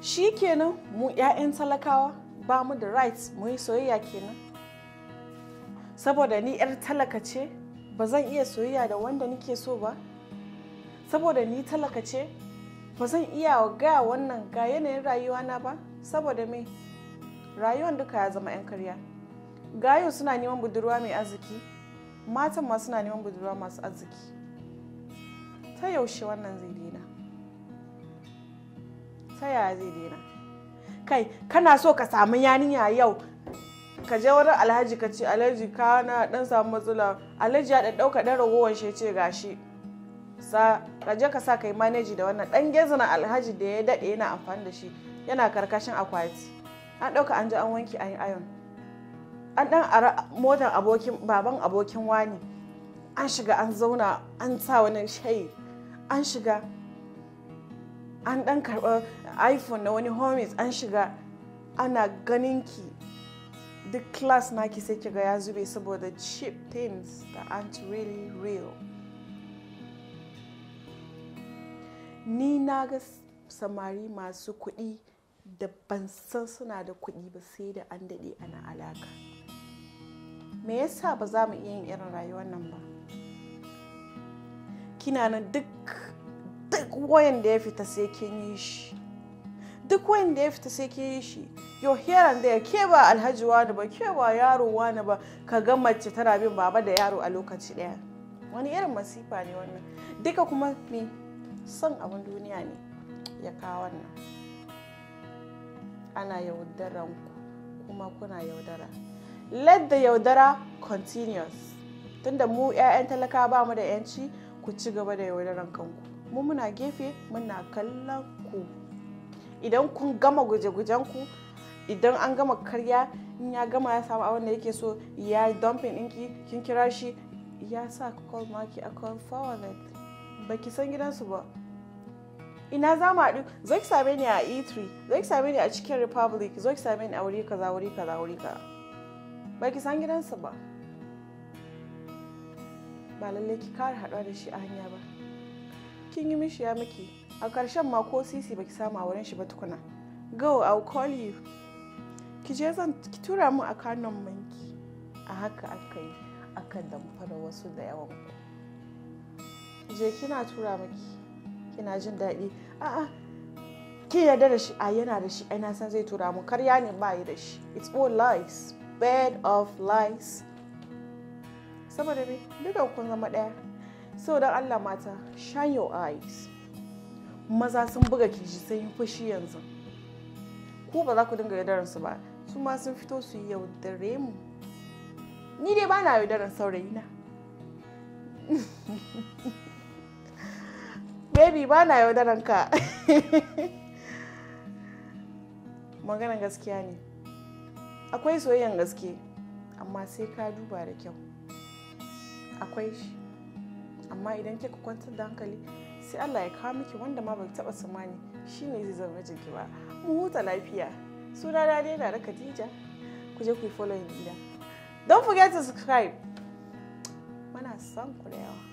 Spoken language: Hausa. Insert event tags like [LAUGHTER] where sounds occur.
shi kenan mu 'ya'yan talakawa ba mu da rights mu yi soyayya kenan saboda ni 'yar talaka ce ba zan iya soyayya da wanda nike so ba saboda ni talaka ce ba zan iya ga wannan ga yanayin rayuwa na ba saboda me rayuwan duka ya zama 'yan karya gayo suna neman budurwa mai arziki matan ma suna neman budurwa masu arziki ta yaushe wannan zai daina ta yaya zai daina kai kana so ka samu yarinya yau ka je wurin alhaji ka ce alhaji ka na dan samu matsala alhaji ya da dauka dan ragowar shi ce gashi sa ka je ka sa kai maneji da wannan dan gezina alhaji da ya dade yana amfani da shi yana karkashin akwati an dauka an je an wanke an ayon an dan motar abokin baban abokin wani an shiga an zauna an sa wani shayi an shiga an dan karɓar iphone na wani homies an shiga ana ganin ki duk class naki sai kiga ya zube saboda cheap things that aren't really real ni na ga samari masu kuɗi da ban san suna da kuɗi ba sai da an daɗe ana alaka me yasa ba za mu iya yin irin rayuwar nan ba kina nan duk duk wayanda ya fita sai kin yi shi duk wayan da ya fita sai kin yi shi yo ke ba alhaji wani ba ke ba yaro wani ba ka ga mace tana bin baba da yaro a lokaci daya wani irin masifa ne wannan duka kuma me son abin duniya ne ya kawo wannan ana yaudaran ku kuma kuna yaudara let the yaudara continuous tunda mu 'ya'yan talaka ba mu da 'yanci ku ci gaba da yaudaran kanku mu muna gefe muna kallon ku idan kun gama guje-gujen ku idan an gama karya in ya gama ya samu abin da yake so ya dumping dinki kin kira shi ya sa call maki a call forward ki san gidansu ba ina za mu haɗu zo ki same ni a e3 zo ki same ni a cikin republic zo ki same ni a wuri kaza wuri kaza wuri kaza ki san gidansu ba ba lallai ki kare haɗuwa da shi a hanya ba kin yi mishi ya miki a ƙarshen ma ko sisi baki samu a wurin shi ba tukuna go i'll call you ki je zan ki tura mu a kanon manki a haka aka yi aka damfara wasu da yawan ku je kina tura miki kina jin daɗi a'a ki yarda da shi a yana da shi ai san zai tura mu karya ne ba yi da shi it's all lies bed of lies saboda ne duka kun zama ɗaya so don allah mata shine your eyes maza sun buga kishi sai yi fushi yanzu ku ba za ku dinga yaudaransu ba su ma sun fito su yi yaudare mu ni dai ba na yaudaran saurayi na [LAUGHS] baby ba na yaudaran ka [LAUGHS] maganan gaskiya ne akwai soyayyan gaske amma sai ka duba da kyau akwai shi amma idan kika kwantar da hankali sai Allah ya kawo miki wanda ma bai taba tsammani shine zai zama mijinki ba mu huta lafiya suna na dai da Khadija ku je ku yi following gida don't forget to subscribe muna son ku da yawa